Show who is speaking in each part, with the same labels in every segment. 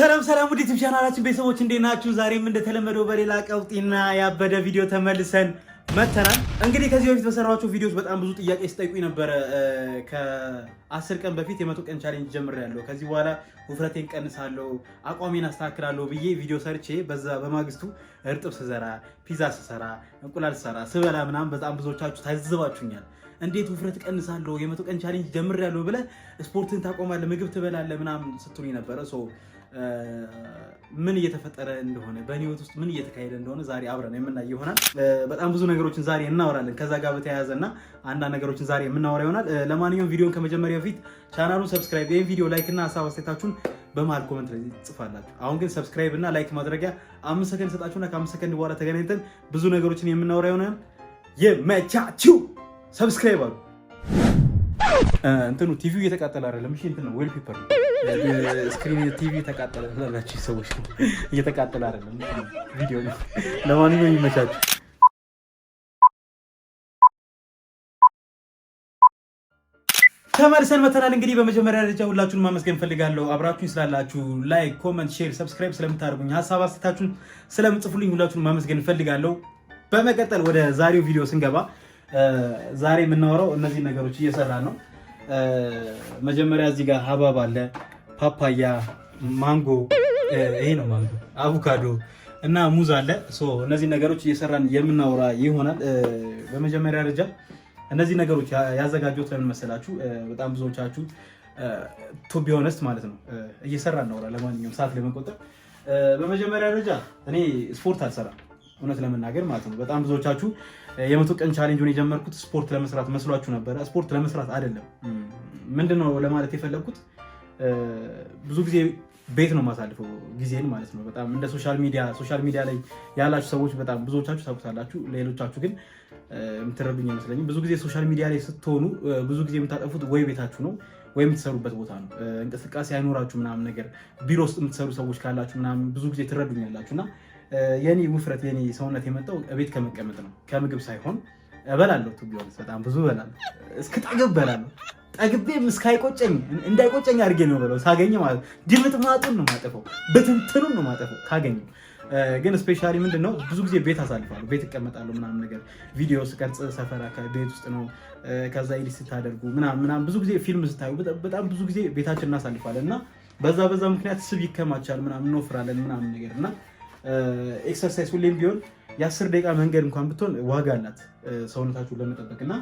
Speaker 1: ሰላም ሰላም ውድ ዩቲዩብ ቻናላችን ቤተሰቦች እንዴት ናችሁ? ዛሬም እንደተለመደው በሌላ ቀውጢና ያበደ ቪዲዮ ተመልሰን መተናል። እንግዲህ ከዚህ በፊት በሰራኋቸው ቪዲዮዎች በጣም ብዙ ጥያቄ ስጠይቁ ነበረ። ከአስር ቀን በፊት የመቶ ቀን ቻሌንጅ ጀምሬያለሁ። ከዚህ በኋላ ውፍረቴን ቀንሳለሁ፣ አቋሜን አስተካክላለሁ ብዬ ቪዲዮ ሰርቼ በዛ በማግስቱ እርጥብ ስሰራ ፒዛ ስሰራ፣ እንቁላል ስሰራ፣ ስበላ ምናምን በጣም ብዙዎቻችሁ ታዝባችሁኛል። እንዴት ውፍረት ቀንሳለሁ የመቶ ቀን ቻሌንጅ ጀምሬያለሁ ብለህ ስፖርትን ታቆማለህ፣ ምግብ ትበላለህ ምናምን ስትሉኝ ነበረ ምን እየተፈጠረ እንደሆነ በእኔ ህይወት ውስጥ ምን እየተካሄደ እንደሆነ ዛሬ አብረን የምናይ ይሆናል። በጣም ብዙ ነገሮችን ዛሬ እናወራለን ከዛ ጋር በተያያዘ እና አንዳንድ ነገሮችን ዛሬ የምናወራ ይሆናል። ለማንኛውም ቪዲዮን ከመጀመሪያ በፊት ቻናሉን ሰብስክራይብ፣ ይህን ቪዲዮ ላይክ እና ሀሳብ አስተያየታችሁን በመሀል ኮመንት ላይ ጽፋላችሁ። አሁን ግን ሰብስክራይብ እና ላይክ ማድረጊያ አምስት ሰከንድ ሰጣችሁና ከአምስት ሰከንድ በኋላ ተገናኝተን ብዙ ነገሮችን የምናወራ ይሆናል። የመቻችሁ ሰብስክራይብ አሉ። እንትኑ ቲቪው እየተቃጠለ አይደለም። እሺ እንትን ነው ዌል ነው ስክሪን ቲቪ ተቃጠለ ሰዎች ነው። እየተቃጠለ አይደለም ቪዲዮ ነው። ለማንኛውም ይመቻችሁ። ተመልሰን መተናል። እንግዲህ በመጀመሪያ ደረጃ ሁላችሁን ማመስገን ፈልጋለሁ። አብራችሁኝ ስላላችሁ ላይክ፣ ኮመንት፣ ሼር፣ ሰብስክራይብ ስለምታደርጉኝ፣ ሀሳብ አስተታችሁን ስለምጽፉልኝ ሁላችሁን ማመስገን ፈልጋለሁ። በመቀጠል ወደ ዛሬው ቪዲዮ ስንገባ ዛሬ የምናወራው እነዚህ ነገሮች እየሰራ ነው። መጀመሪያ እዚህ ጋር ሀባብ አለ ፓፓያ፣ ማንጎ፣ ይሄ ነው ማንጎ፣ አቮካዶ እና ሙዝ አለ። እነዚህ ነገሮች እየሰራን የምናወራ ይሆናል። በመጀመሪያ ደረጃ እነዚህ ነገሮች ያዘጋጀሁት ለምን መሰላችሁ? በጣም ብዙዎቻችሁ ቱ ቢ ሆነስት ማለት ነው እየሰራ እናወራ ለማንኛውም ሰዓት ለመቆጠብ በመጀመሪያ ደረጃ እኔ ስፖርት አልሰራም እውነት ለመናገር ማለት ነው። በጣም ብዙዎቻችሁ የመቶ ቀን ቻሌንጅን የጀመርኩት ስፖርት ለመስራት መስሏችሁ ነበረ። ስፖርት ለመስራት አይደለም። ምንድን ነው ለማለት የፈለግኩት ብዙ ጊዜ ቤት ነው የማሳልፈው ጊዜን ማለት ነው። በጣም እንደ ሶሻል ሚዲያ ሶሻል ሚዲያ ላይ ያላችሁ ሰዎች በጣም ብዙዎቻችሁ ታውቁታላችሁ። ሌሎቻችሁ ግን የምትረዱኝ አይመስለኝም። ብዙ ጊዜ ሶሻል ሚዲያ ላይ ስትሆኑ ብዙ ጊዜ የምታጠፉት ወይ ቤታችሁ ነው ወይ የምትሰሩበት ቦታ ነው። እንቅስቃሴ አይኖራችሁ ምናምን ነገር ቢሮ ውስጥ የምትሰሩ ሰዎች ካላችሁ ምናምን ብዙ ጊዜ ትረዱኛላችሁ እና የኔ ውፍረት የኔ ሰውነት የመጣው ቤት ከመቀመጥ ነው ከምግብ ሳይሆን እበላለሁ። ቱ ቢሆንስ በጣም ብዙ እበላለሁ፣ እስከ ጠግብ እበላለሁ። ጠግቤም እስካይቆጨኝ እንዳይቆጨኝ አድርጌ ነው በለው ሳገኘ ማለት ነው። ማጡን ነው ማጠፈው፣ በትንትኑን ነው ማጠፈው ካገኘ ግን ስፔሻሊ ምንድን ነው ብዙ ጊዜ ቤት አሳልፋለሁ፣ ቤት እቀመጣለሁ ምናምን ነገር ቪዲዮ ስቀርጽ ሰፈር ቤት ውስጥ ነው። ከዛ ኤዲት ስታደርጉ ምናምን ብዙ ጊዜ ፊልም ስታዩ በጣም ብዙ ጊዜ ቤታችን እናሳልፋለን እና በዛ በዛ ምክንያት ስብ ይከማቻል ምናምን እንወፍራለን ምናምን ነገር እና ኤክሰርሳይዝ ሁሌም ቢሆን የአስር ደቂቃ መንገድ እንኳን ብትሆን ዋጋ አላት ሰውነታችሁን ለመጠበቅ እና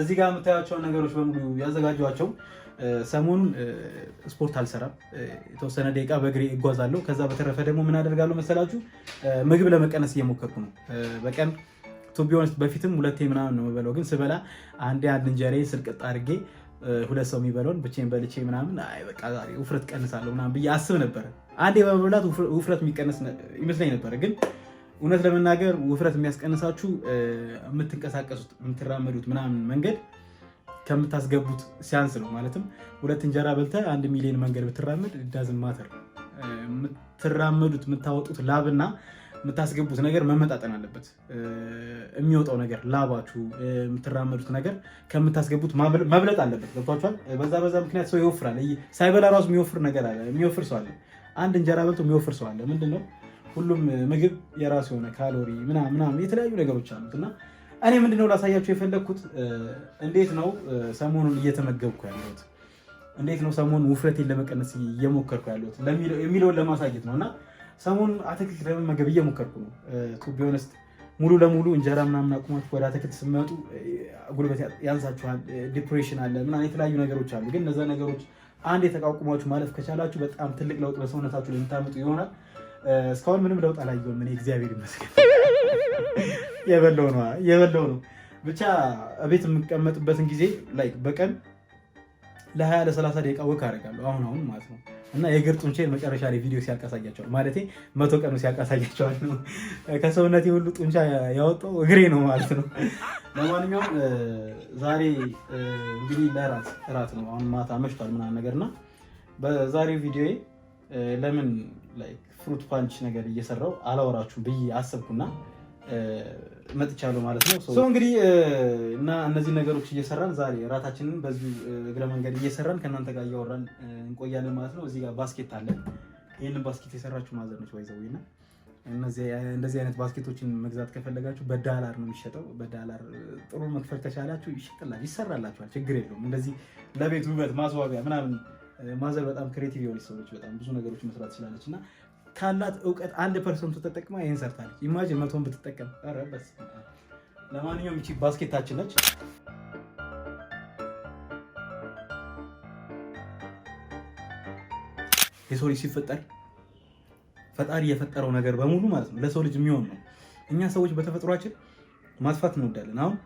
Speaker 1: እዚህ ጋር የምታያቸውን ነገሮች በሙሉ ያዘጋጀኋቸው ሰሞኑን ስፖርት አልሰራም። የተወሰነ ደቂቃ በእግሬ እጓዛለሁ። ከዛ በተረፈ ደግሞ ምን አደርጋለሁ መሰላችሁ? ምግብ ለመቀነስ እየሞከርኩ ነው። በቀን ቱ በፊትም ሁለቴ ምናምን ነው የምበለው፣ ግን ስበላ አንዴ አንድ እንጀሬ ስልቅጥ አድርጌ ሁለት ሰው የሚበለውን ብቼን በልቼ ምናምን በቃ ውፍረት ቀንሳለሁ ምናምን ብዬ አስብ ነበረ። አንዴ በመብላት ውፍረት የሚቀነስ ይመስለኝ ነበረ ግን እውነት ለመናገር ውፍረት የሚያስቀንሳችሁ የምትንቀሳቀሱት የምትራመዱት ምናምን መንገድ ከምታስገቡት ሲያንስ ነው። ማለትም ሁለት እንጀራ በልተ አንድ ሚሊዮን መንገድ ብትራመድ ዳዝን ማተር። የምትራመዱት የምታወጡት ላብና የምታስገቡት ነገር መመጣጠን አለበት። የሚወጣው ነገር ላባችሁ፣ የምትራመዱት ነገር ከምታስገቡት መብለጥ አለበት። ገብቷችኋል? በዛ በዛ ምክንያት ሰው ይወፍራል። ሳይበላ ራሱ የሚወፍር ነገር አለ። የሚወፍር ሰው አለ። አንድ እንጀራ በልቶ የሚወፍር ሰው አለ። ምንድን ነው ሁሉም ምግብ የራሱ የሆነ ካሎሪ ምናምን የተለያዩ ነገሮች አሉት እና እኔ ምንድነው ላሳያችሁ የፈለግኩት እንዴት ነው ሰሞኑን እየተመገብኩ ያለሁት እንዴት ነው ሰሞኑን ውፍረቴን ለመቀነስ እየሞከርኩ ያለሁት የሚለውን ለማሳየት ነው እና ሰሞኑን አትክልት ለመመገብ እየሞከርኩ ነው። ቱ ሙሉ ለሙሉ እንጀራ ምናምን አቁማችሁ ወደ አትክልት ስትመጡ ጉልበት ያንሳችኋል፣ ዲፕሬሽን አለ ምና የተለያዩ ነገሮች አሉ። ግን እነዛ ነገሮች አንድ የተቋቁማችሁ ማለፍ ከቻላችሁ በጣም ትልቅ ለውጥ በሰውነታችሁ ለምታመጡ ይሆናል። እስካሁን ምንም ለውጥ አላየሁም። እኔ እግዚአብሔር ይመስገን የበለው ነው የበለው ነው። ብቻ እቤት የምቀመጥበትን ጊዜ ላይክ በቀን ለ20 ለ30 ደቂቃ ወክ አደርጋለሁ አሁን አሁን ማለት ነው። እና የእግር ጡንቻዬን መጨረሻ ላይ ቪዲዮ ሲያቃሳያቸዋል ማለት መቶ ቀኑ ሲያቃሳያቸዋል ነው። ከሰውነቴ ሁሉ ጡንቻ ያወጣው እግሬ ነው ማለት ነው። ለማንኛውም ዛሬ እንግዲህ ለራት እራት ነው አሁን ማታ መሽቷል ምናምን ነገር እና በዛሬው ቪዲዮዬ ለምን ፍሩት ፓንች ነገር እየሰራው አላወራችሁ ብዬ አሰብኩና መጥቻለሁ ማለት ነው። ሰው እንግዲህ እና እነዚህ ነገሮች እየሰራን ዛሬ እራታችንን በዚሁ እግረ መንገድ እየሰራን ከእናንተ ጋር እያወራን እንቆያለን ማለት ነው። እዚህ ጋር ባስኬት አለ። ይህንን ባስኬት የሰራችሁ ማዘር ነች ወይዘው ና እንደዚህ አይነት ባስኬቶችን መግዛት ከፈለጋችሁ በዳላር ነው የሚሸጠው። በዳላር ጥሩ መክፈል ከቻላችሁ ይሸጥላችሁ፣ ይሰራላችኋል። ችግር የለውም። እንደዚህ ለቤት ውበት ማስዋቢያ ምናምን ማዘር በጣም ክሬቲቭ የሆነች ሰዎች በጣም ብዙ ነገሮች መስራት ትችላለች እና ካላት እውቀት አንድ ፐርሰንቱ ተጠቅማ ይህን ሰርታለች። ኢማጂን መቶን ብትጠቀም። ለማንኛውም ይቺ ባስኬታችን ነች። የሰው ልጅ ሲፈጠር ፈጣሪ የፈጠረው ነገር በሙሉ ማለት ነው ለሰው ልጅ የሚሆን ነው። እኛ ሰዎች በተፈጥሯችን ማጥፋት እንወዳለን። አሁን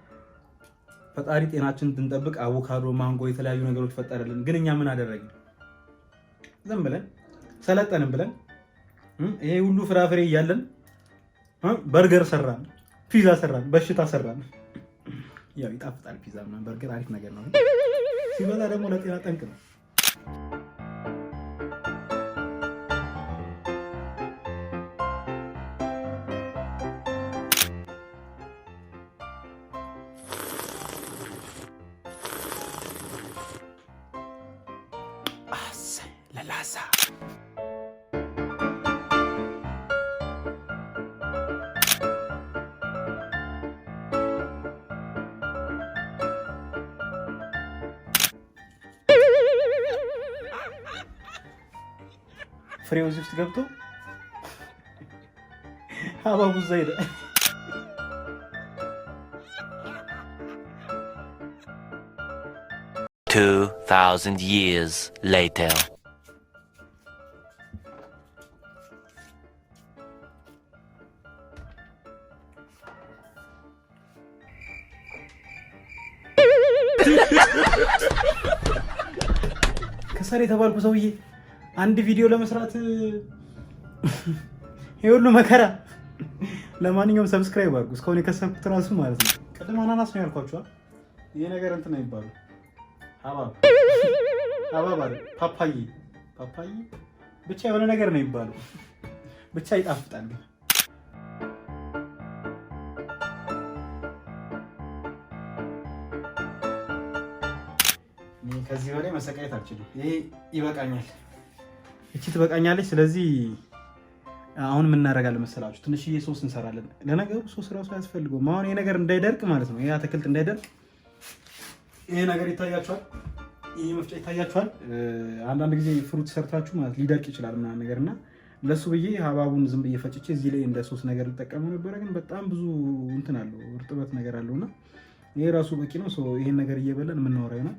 Speaker 1: ፈጣሪ ጤናችን እንድንጠብቅ አቮካዶ፣ ማንጎ የተለያዩ ነገሮች ፈጠረልን። ግን እኛ ምን አደረግን? ዝም ብለን ሰለጠንም ብለን ይሄ ሁሉ ፍራፍሬ እያለን በርገር ሰራን፣ ፒዛ ሰራን፣ በሽታ ሰራን። ያው ይጣፍጣል ፒዛ ምናምን፣ በርገር አሪፍ ነገር ነው፣ ሲበዛ ደግሞ ለጤና ጠንቅ ነው። ፍሬው እዚህ ውስጥ ገብቶ አባቡ እዛ ሄደ። ከሰር የተባልኩ ሰውዬ አንድ ቪዲዮ ለመስራት የሁሉ ሁሉ መከራ። ለማንኛውም ሰብስክራይብ አድርጉ። እስካሁን የከሰብኩት ራሱ ማለት ነው። ቅድም አናናስ ነው ያልኳቸዋል። ይሄ ነገር እንትን ይባሉ ሀባብ ፓፓዬ ፓፓዬ ብቻ የሆነ ነገር ነው ይባሉ ብቻ ይጣፍጣል ግን ከዚህ በላይ መሰቃየት አልችልም። ይሄ ይበቃኛል። እቺ ትበቃኛለች። ስለዚህ አሁን ምን እናደርጋለን መሰላችሁ? ትንሽዬ ሶስ እንሰራለን። ለነገሩ ሶስ ራሱ አያስፈልገውም። አሁን ይሄ ነገር እንዳይደርቅ ማለት ነው፣ ይሄ አትክልት እንዳይደርቅ ይሄ ነገር ይታያችኋል፣ ይሄ መፍጫ ይታያችኋል። አንዳንድ ጊዜ ፍሩት ሰርታችሁ ማለት ሊደርቅ ይችላል ምናምን ነገር እና ለሱ ብዬ ሀባቡን ዝም ብዬ ፈጭቼ እዚህ ላይ እንደ ሶስ ነገር ልጠቀመው ነበረ፣ ግን በጣም ብዙ እንትን አለው እርጥበት ነገር አለውና ይሄ ራሱ በቂ ነው። ይሄን ነገር እየበለን የምናወራ ይሆናል።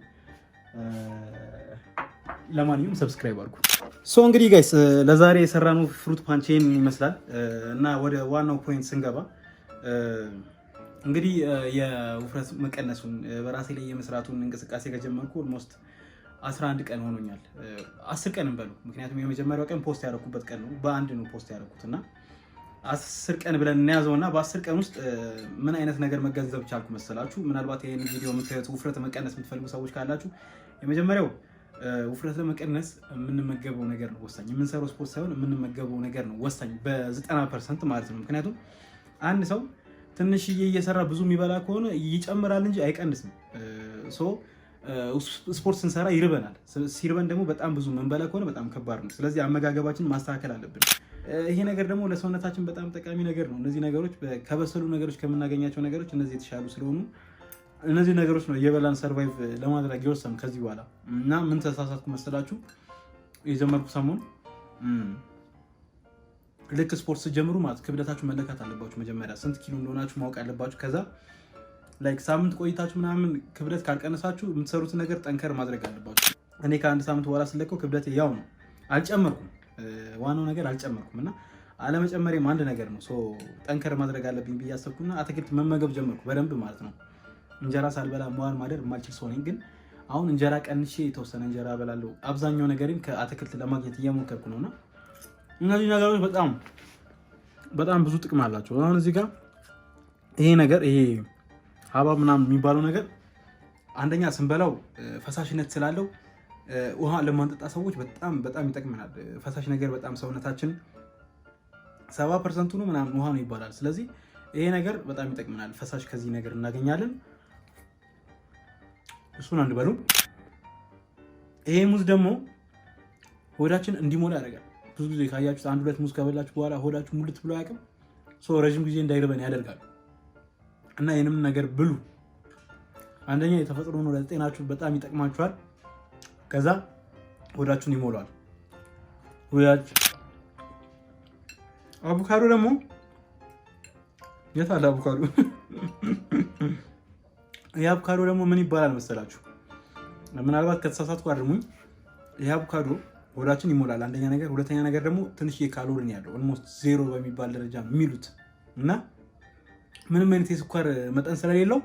Speaker 1: ለማንኛውም ሰብስክራይብ አድርጉ። ሶ እንግዲህ ጋይስ uh, ለዛሬ የሰራነው ፍሩት ፓንቼን ይመስላል uh, እና ወደ ዋናው ፖይንት ስንገባ uh, እንግዲህ የውፍረት መቀነሱን በራሴ ላይ የመስራቱን እንቅስቃሴ ከጀመርኩ ኦልሞስት 11 ቀን ሆኖኛል። 10 ቀን እንበሉ፣ ምክንያቱም የመጀመሪያው ቀን ፖስት ያደረኩበት ቀን ነው። በአንድ ነው ፖስት ያደረኩት እና 10 ቀን ብለን እናያዘው እና በ10 ቀን ውስጥ ምን አይነት ነገር መገንዘብ ቻልኩ መሰላችሁ? ምናልባት ይህን ቪዲዮ ውፍረት መቀነስ የምትፈልጉ ሰዎች ካላችሁ የመጀመሪያው ውፍረት ለመቀነስ የምንመገበው ነገር ነው ወሳኝ። የምንሰራው ስፖርት ሳይሆን የምንመገበው ነገር ነው ወሳኝ በዘጠና ፐርሰንት ማለት ነው። ምክንያቱም አንድ ሰው ትንሽዬ እየሰራ ብዙ የሚበላ ከሆነ ይጨምራል እንጂ አይቀንስም። ስፖርት ስንሰራ ይርበናል። ሲርበን ደግሞ በጣም ብዙ መንበላ ከሆነ በጣም ከባድ ነው። ስለዚህ አመጋገባችን ማስተካከል አለብን። ይሄ ነገር ደግሞ ለሰውነታችን በጣም ጠቃሚ ነገር ነው። እነዚህ ነገሮች ከበሰሉ ነገሮች ከምናገኛቸው ነገሮች እነዚህ የተሻሉ ስለሆኑ እነዚህ ነገሮች ነው የበላን ሰርቫይቭ ለማድረግ የወሰን ከዚህ በኋላ እና ምን ተሳሳትኩ መሰላችሁ? የጀመርኩ ሰሞን ልክ ስፖርት ስጀምሩ ማለት ክብደታችሁ መለካት አለባችሁ። መጀመሪያ ስንት ኪሎ እንደሆናችሁ ማወቅ አለባችሁ። ከዛ ላይክ ሳምንት ቆይታችሁ ምናምን ክብደት ካልቀነሳችሁ የምትሰሩትን ነገር ጠንከር ማድረግ አለባችሁ። እኔ ከአንድ ሳምንት በኋላ ስለቀው ክብደት ያው ነው፣ አልጨመርኩም። ዋናው ነገር አልጨመርኩም እና አለመጨመሪም አንድ ነገር ነው። ጠንከር ማድረግ አለብኝ ብዬ አሰብኩና አትክልት መመገብ ጀመርኩ በደንብ ማለት ነው። እንጀራ ሳልበላ መዋል ማደር የማልችል ሰው ነኝ። ግን አሁን እንጀራ ቀንሼ የተወሰነ እንጀራ እበላለሁ። አብዛኛው ነገርም ከአትክልት ለማግኘት እየሞከርኩ ነውና እነዚህ ነገሮች በጣም በጣም ብዙ ጥቅም አላቸው። አሁን እዚህ ጋር ይሄ ነገር ይሄ ሀባብ ምናምን የሚባለው ነገር አንደኛ ስንበላው ፈሳሽነት ስላለው ውሃ ለማንጠጣ ሰዎች በጣም በጣም ይጠቅመናል። ፈሳሽ ነገር በጣም ሰውነታችን ሰባ ፐርሰንቱ ነው ምናምን ውሃ ነው ይባላል። ስለዚህ ይሄ ነገር በጣም ይጠቅመናል። ፈሳሽ ከዚህ ነገር እናገኛለን። እሱን በሉ። ይሄ ሙዝ ደግሞ ሆዳችን እንዲሞላ ያደርጋል። ብዙ ጊዜ ካያችሁት አንድ ሁለት ሙዝ ከበላችሁ በኋላ ሆዳችሁ ሙልት ብሎ አያውቅም። ሰው ረዥም ጊዜ እንዳይርበን ያደርጋል እና ይህንም ነገር ብሉ። አንደኛ የተፈጥሮ ነው፣ ለጤናችሁ በጣም ይጠቅማችኋል። ከዛ ሆዳችሁን ይሞላዋል። አቡካዶ ደግሞ የት አለ አቡካዶ? ይህ አቮካዶ ደግሞ ምን ይባላል መሰላችሁ? ምናልባት ከተሳሳትኩ አድርሙኝ። ይህ አቮካዶ ሆዳችን ይሞላል፣ አንደኛ ነገር። ሁለተኛ ነገር ደግሞ ትንሽ የካሎሪን ያለው ኦልሞስት ዜሮ በሚባል ደረጃ የሚሉት እና ምንም አይነት የስኳር መጠን ስለሌለው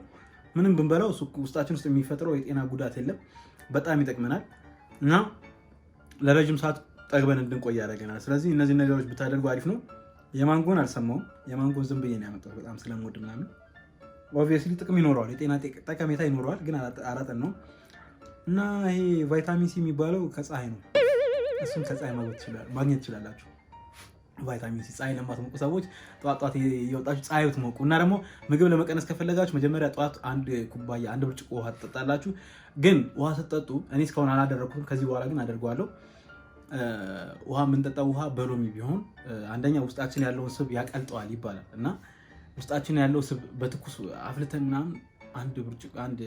Speaker 1: ምንም ብንበላው ውስጣችን ውስጥ የሚፈጥረው የጤና ጉዳት የለም። በጣም ይጠቅመናል እና ለረዥም ሰዓት ጠግበን እንድንቆይ ያደርገናል። ስለዚህ እነዚህ ነገሮች ብታደርጉ አሪፍ ነው። የማንጎን አልሰማውም። የማንጎን ዝም ብዬ ነው ያመጣሁት በጣም ስለምወድ ምናምን ኦብቪየስሊ ጥቅም ይኖረዋል፣ የጤና ጠቀሜታ ይኖረዋል። ግን አላጠን ነው እና ይሄ ቫይታሚን ሲ የሚባለው ከፀሐይ ነው። እሱም ከፀሐይ ማግኘት ትችላላችሁ። ቫይታሚን ሲ ፀሐይ ለማትሞቁ ሰዎች ጠዋት ጠዋት እየወጣችሁ ፀሐይ ብትሞቁ እና ደግሞ ምግብ ለመቀነስ ከፈለጋችሁ መጀመሪያ ጠዋት አንድ ኩባያ አንድ ብርጭቆ ውሃ ትጠጣላችሁ። ግን ውሃ ስትጠጡ እኔ እስካሁን አላደረግኩም፣ ከዚህ በኋላ ግን አደርገዋለሁ። ውሃ የምንጠጣው ውሃ በሎሚ ቢሆን አንደኛ ውስጣችን ያለውን ስብ ያቀልጠዋል ይባላል እና ውስጣችን ያለው ስብ በትኩስ አፍልተን ምናምን አንድ ብርጭቆ አንድ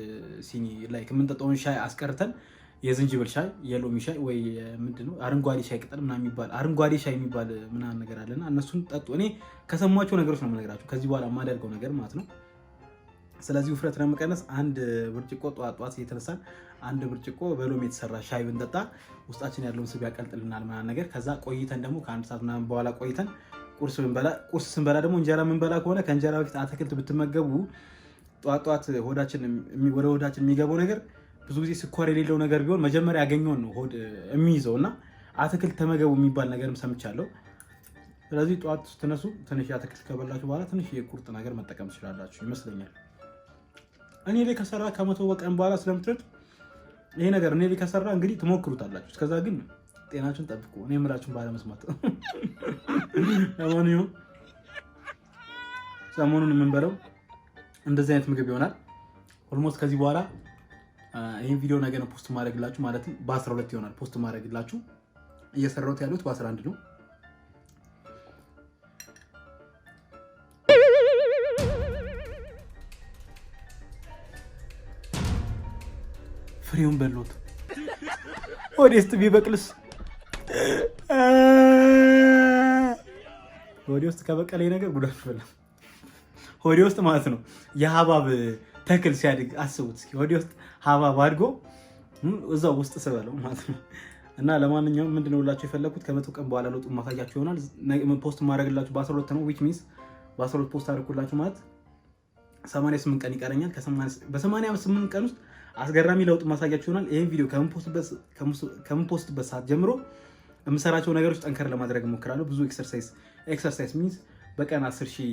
Speaker 1: ሲኒ ላይ የምንጠጣውን ሻይ አስቀርተን የዝንጅብል ሻይ፣ የሎሚ ሻይ ወይ ምንድን ነው አረንጓዴ ሻይ ቅጠል ምናምን የሚባል አረንጓዴ ሻይ የሚባል ምናምን ነገር አለና እነሱን ጠጡ። እኔ ከሰማቸው ነገሮች ነው የምነግራቸው ከዚህ በኋላ የማደርገው ነገር ማለት ነው። ስለዚህ ውፍረት ለመቀነስ አንድ ብርጭቆ ጠዋት ጠዋት እየተነሳን አንድ ብርጭቆ በሎሚ የተሰራ ሻይ ብንጠጣ ውስጣችን ያለውን ስብ ያቀልጥልናል ምናምን ነገር ከዛ ቆይተን ደግሞ ከአንድ ሰዓት ምናምን በኋላ ቆይተን ቁርስ ቁርስ ስንበላ ደግሞ እንጀራ የምንበላ ከሆነ ከእንጀራ በፊት አትክልት ብትመገቡ ጠዋት ሆዳችን ወደ ሆዳችን የሚገባው ነገር ብዙ ጊዜ ስኳር የሌለው ነገር ቢሆን መጀመሪያ ያገኘውን ነው ሆድ የሚይዘው እና አትክልት ተመገቡ የሚባል ነገርም ሰምቻለሁ። ስለዚህ ጠዋት ስትነሱ ትንሽ አትክልት ከበላችሁ በኋላ ትንሽ የቁርጥ ነገር መጠቀም ትችላላችሁ ይመስለኛል። እኔ ላይ ከሰራ ከመቶ በቀን በኋላ ስለምትረጥ ይሄ ነገር እኔ ላይ ከሰራ እንግዲህ ትሞክሩታላችሁ። እስከዛ ግን ጤናችሁን ጠብቁ። እኔ የምላችሁን ባለመስማት ሰሞኑን ሰሞኑን የምንበለው እንደዚህ አይነት ምግብ ይሆናል። ኦልሞስት ከዚህ በኋላ ይህን ቪዲዮ ነገ ነው ፖስት ማድረግላችሁ፣ ማለት በ12 ይሆናል ፖስት ማድረግላችሁ። እየሰራሁት ያሉት በ11 ነው። ፍሬውን በሎት ወዴስት ቢበቅልስ ሆዴ ውስጥ ከበቀለኝ ነገር ጉዳት ፈላ። ሆዴ ውስጥ ማለት ነው የሀባብ ተክል ሲያድግ አስቡት እስኪ። ሆዴ ውስጥ ሀባብ አድጎ እዛው ውስጥ ስበለው ማለት ነው። እና ለማንኛውም ምንድን ነው ሁላችሁ የፈለግኩት ከመቶ ቀን በኋላ ለውጡ ማሳያችሁ ይሆናል። ፖስት ማድረግላችሁ በአስራ ሁለት ነው ዊች ሚንስ በአስራ ሁለት ፖስት አድርኩላችሁ ማለት ሰማንያ ስምንት ቀን ይቀረኛል። በሰማንያ ስምንት ቀን ውስጥ አስገራሚ ለውጥ ማሳያችሁ ይሆናል። ይህን ቪዲዮ ከምፖስትበት ሰዓት ጀምሮ የምሰራቸው ነገሮች ጠንከር ለማድረግ እሞክራለሁ። ብዙ ኤክሰርሳይዝ ኤክሰርሳይዝ ሚንስ በቀን 10 ሺህ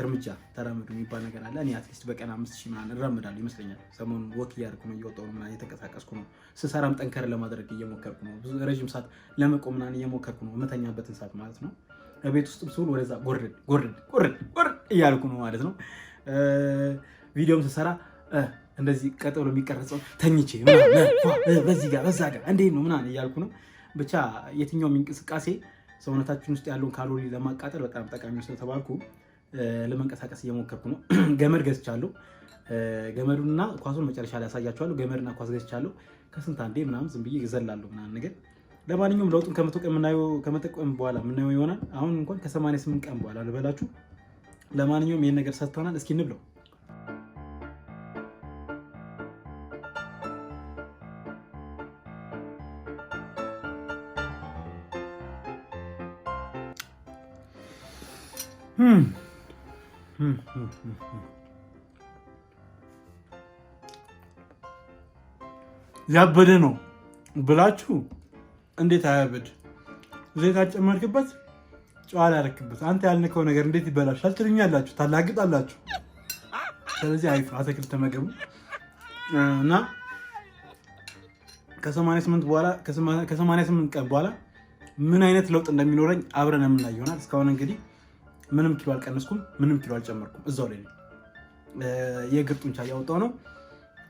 Speaker 1: እርምጃ ተራመዱ የሚባል ነገር አለ። እኔ አትሊስት በቀን 5 ሺህ ምናምን እራምዳለሁ ይመስለኛል። ሰሞኑን ወክ እያደረኩ ነው፣ እየወጣሁ ነው ምናምን እየተንቀሳቀስኩ ነው። ስሰራም ጠንከር ለማድረግ እየሞከርኩ ነው። ብዙ ረዥም ሰዓት ለመቆም ምናምን እየሞከርኩ ነው፣ መተኛበትን ሰዓት ማለት ነው። ቤት ውስጥም ስውል ወደዛ ጎርድ ጎርድ ጎርድ ጎርድ እያልኩ ነው ማለት ነው። ቪዲዮም ስሰራ እንደዚህ ቀጥ ብሎ የሚቀረጸው ተኝቼ በዚህ ጋር በዛ ጋር እንዴት ነው ምናምን እያልኩ ነው። ብቻ የትኛውም እንቅስቃሴ ሰውነታችን ውስጥ ያለውን ካሎሪ ለማቃጠል በጣም ጠቃሚ ስለተባልኩ ለመንቀሳቀስ እየሞከርኩ ነው። ገመድ ገዝቻለሁ። ገመዱና ኳሱን መጨረሻ ላይ ያሳያችኋለሁ። ገመድና ኳስ ገዝቻለሁ። ከስንት አንዴ ምናምን ዝም ብዬ እዘላለሁ ምናምን ነገር። ለማንኛውም ለውጡን ከመቶ ቀን ከመጠቀም በኋላ የምናየው ይሆናል። አሁን እንኳን ከ ስምንት ቀን በኋላ ልበላችሁ። ለማንኛውም ይህን ነገር ሰጥተናል። እስኪ እንብለው። Hmm. Hmm, hmm, ያበደ ነው ብላችሁ እንዴት አያበድ? ዘይት አጨመርክበት፣ ጨዋ ላረክበት፣ አንተ ያልነከው ነገር እንዴት ይበላሻል ትሉኛላችሁ፣ ታላግጣላችሁ። ስለዚህ አይፍ አትክልት ተመገቡ እና ከ88 በኋላ ከ88 ቀን በኋላ ምን አይነት ለውጥ እንደሚኖረኝ አብረን የምናየው ይሆናል። እስካሁን እንግዲህ ምንም ኪሎ አልቀነስኩም፣ ምንም ኪሎ አልጨመርኩም። እዛው ላይ ነው የእግር ጡንቻ እያወጣው ነው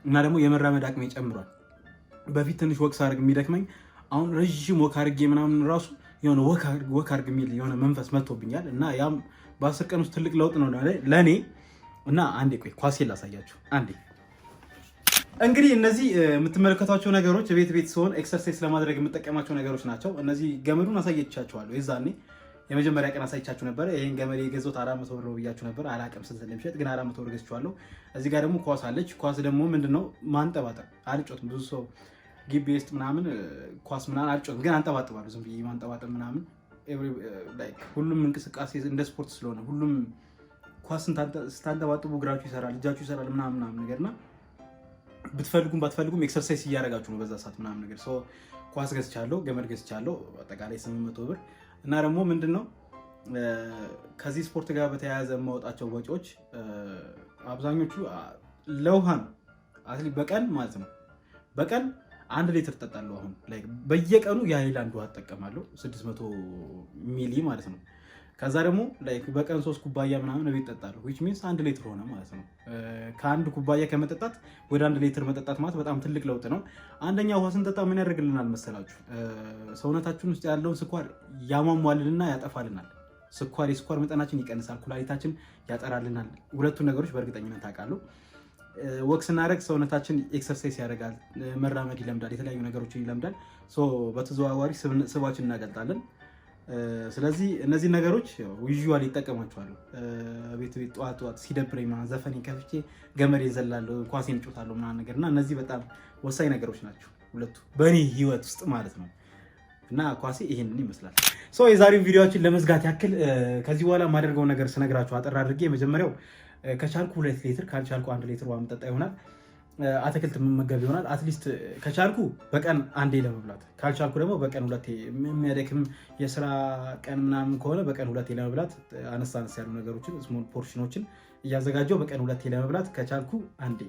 Speaker 1: እና ደግሞ የመራመድ አቅሜ ጨምሯል። በፊት ትንሽ ወክ ሳርግ የሚደክመኝ አሁን ረዥም ወክ አርጌ ምናምን ራሱ የሆነ ወክ አርግ የሚል የሆነ መንፈስ መጥቶብኛል እና ያም በአስር ቀን ውስጥ ትልቅ ለውጥ ነው ለእኔ እና አንዴ ቆይ ኳሴ ላሳያችሁ አንዴ እንግዲህ እነዚህ የምትመለከቷቸው ነገሮች ቤት ቤት ሲሆን ኤክሰርሳይዝ ለማድረግ የምጠቀማቸው ነገሮች ናቸው። እነዚህ ገመዱን አሳየቻቸዋለሁ የዛኔ የመጀመሪያ ቀን አሳይቻችሁ ነበረ። ይህን ገመድ የገዛሁት አራት መቶ ብር ነው ብያችሁ ነበር። አላቅም ስንት እንደሚሸጥ ግን አራት መቶ ብር ገዝቼዋለሁ። እዚህ ጋር ደግሞ ኳስ አለች። ኳስ ደግሞ ምንድነው ማንጠባጠብ አልጮትም። ብዙ ሰው ግቢ ውስጥ ምናምን ኳስ ምናምን አልጮትም፣ ግን አንጠባጥባሉ። ዝም ብዬ ማንጠባጠብ ምናምን ሁሉም እንቅስቃሴ እንደ ስፖርት ስለሆነ ሁሉም ኳስ ስታንጠባጥቡ እግራችሁ ይሰራል፣ እጃችሁ ይሰራል ምናምን ምናምን ነገር እና ብትፈልጉም ባትፈልጉም ኤክሰርሳይዝ እያደረጋችሁ ነው በዛ ሰዓት ምናምን ነገር ኳስ ገዝቻለሁ፣ ገመድ ገዝቻለሁ። አጠቃላይ ስምንት መቶ ብር እና ደግሞ ምንድን ነው ከዚህ ስፖርት ጋር በተያያዘ የማወጣቸው ወጪዎች አብዛኞቹ ለውሃ ነው። በቀን ማለት ነው በቀን አንድ ሊትር ጠጣለሁ። አሁን በየቀኑ የሀይላንድ ውሃ እጠቀማለሁ 600 ሚሊ ማለት ነው። ከዛ ደግሞ ላይክ በቀን ሶስት ኩባያ ምናምን ቤት እጠጣለሁ። ዊች ሚንስ አንድ ሌትር ሆነ ማለት ነው። ከአንድ ኩባያ ከመጠጣት ወደ አንድ ሌትር መጠጣት ማለት በጣም ትልቅ ለውጥ ነው። አንደኛ ውሃ ስንጠጣ ምን ያደርግልናል መሰላችሁ? ሰውነታችን ውስጥ ያለውን ስኳር ያሟሟልንና ያጠፋልናል። ስኳር የስኳር መጠናችን ይቀንሳል፣ ኩላሊታችን ያጠራልናል። ሁለቱን ነገሮች በእርግጠኝነት አውቃለሁ። ወክ ስናደርግ ሰውነታችን ኤክሰርሳይዝ ያደርጋል፣ መራመድ ይለምዳል፣ የተለያዩ ነገሮችን ይለምዳል። በተዘዋዋሪ ስባችን እናገልጣለን። ስለዚህ እነዚህ ነገሮች ዩዥዋል ይጠቀማቸዋሉ። ቤት ቤት ጠዋት ጠዋት ሲደብረኝ ምናምን ከፍቼ ገመዴን ዘላለሁ፣ ኳሴን እጮታለሁ ምናምን ነገር እና እነዚህ በጣም ወሳኝ ነገሮች ናቸው ሁለቱ በእኔ ህይወት ውስጥ ማለት ነው። እና ኳሴ ይሄንን ይመስላል። ሶ የዛሬው ቪዲዮችን ለመዝጋት ያክል ከዚህ በኋላ የማደርገውን ነገር ስነግራችሁ አጠር አድርጌ መጀመሪያው ከቻልኩ ሁለት ሌትር ካልቻልኩ አንድ ሌትር ውሃ መጠጣ ይሆናል። አትክልት መመገብ ይሆናል። አትሊስት ከቻልኩ በቀን አንዴ ለመብላት ካልቻልኩ ደግሞ በቀን ሁለቴ የሚያደክም የስራ ቀን ምናምን ከሆነ በቀን ሁለቴ ለመብላት አነስ አነስ ያሉ ነገሮችን ስሞል ፖርሽኖችን እያዘጋጀው በቀን ሁለቴ ለመብላት ከቻልኩ አንዴ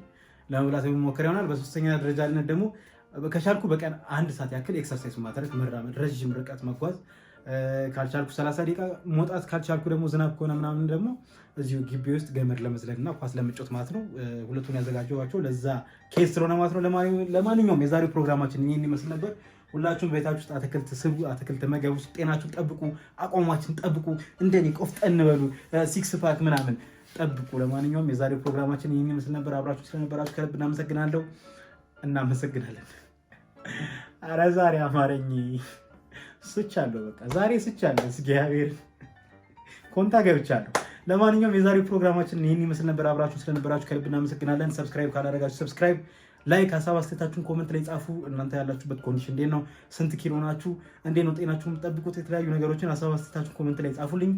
Speaker 1: ለመብላት የሚሞክር ይሆናል። በሶስተኛ ደረጃነት ደግሞ ከቻልኩ በቀን አንድ ሰዓት ያክል ኤክሰርሳይዝ ማድረግ መራመድ፣ ረዥም ርቀት መጓዝ ካልቻልኩ 30 ደቂቃ መውጣት ካልቻልኩ ደግሞ ዝናብ ከሆነ ምናምን ደግሞ እዚሁ ግቢ ውስጥ ገመድ ለመዝለል እና ኳስ ለመጫወት ማለት ነው። ሁለቱን ያዘጋጀኋቸው ለዛ ኬስ ስለሆነ ማለት ነው። ለማንኛውም የዛሬው ፕሮግራማችን ይህን ይመስል ነበር። ሁላችሁም ቤታችሁ ውስጥ አትክልት ስቡ፣ አትክልት መገብ ውስጥ ጤናችሁን ጠብቁ፣ አቋማችን ጠብቁ፣ እንደኔ ቆፍጠን በሉ፣ ሲክስ ፓክ ምናምን ጠብቁ። ለማንኛውም የዛሬው ፕሮግራማችን ይህን ይመስል ነበር። አብራችሁ ስለነበራችሁ ከልብ እናመሰግናለሁ። እናመሰግናለን። አረ ዛሬ አማረኝ ስቻለሁ፣ በቃ ዛሬ ስቻለሁ። እግዚአብሔር ኮንታ ገብቻለሁ። ለማንኛውም የዛሬው ፕሮግራማችን ይህን ይመስል ነበር። አብራችሁ ስለነበራችሁ ከልብ እናመሰግናለን። ሰብስክራይብ ካላደረጋችሁ ሰብስክራይብ፣ ላይክ፣ ሀሳብ አስተያየታችሁን ኮመንት ላይ ጻፉ። እናንተ ያላችሁበት ኮንዲሽን እንዴት ነው? ስንት ኪሎ ናችሁ? እንዴት ነው ጤናችሁን የምጠብቁት? የተለያዩ ነገሮችን ሀሳብ አስተያየታችሁን ኮመንት ላይ ጻፉልኝ።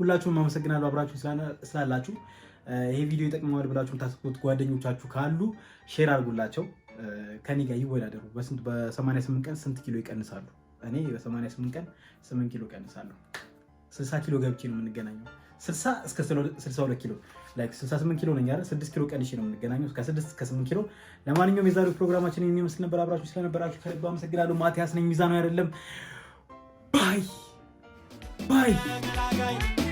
Speaker 1: ሁላችሁም አመሰግናለሁ አብራችሁ ስላላችሁ። ይሄ ቪዲዮ ይጠቅመዋል ብላችሁ ታስቡት ጓደኞቻችሁ ካሉ ሼር አድርጉላቸው። ከኔ ጋር ይወዳደሩ። በስንት በ88 ቀን ስንት ኪሎ ይቀንሳሉ? እኔ በ88 ቀን 8 ኪሎ ይቀንሳለሁ። 60 ኪሎ ገብቼ ነው የምንገናኘው። 60 እስከ 62 ኪሎ ላይክ 68 ኪሎ ነኝ አይደል? 6 ኪሎ ቀንሼ ነው የምንገናኘው። እስከ 6 እስከ 8 ኪሎ። ለማንኛውም የዛሬው ፕሮግራማችን የሚመስል ነበር። አብራችሁ ስለነበራችሁ ከልብ አመሰግናለሁ። ማቲያስ ነኝ፣ ሚዛኑ አይደለም። ባይ ባይ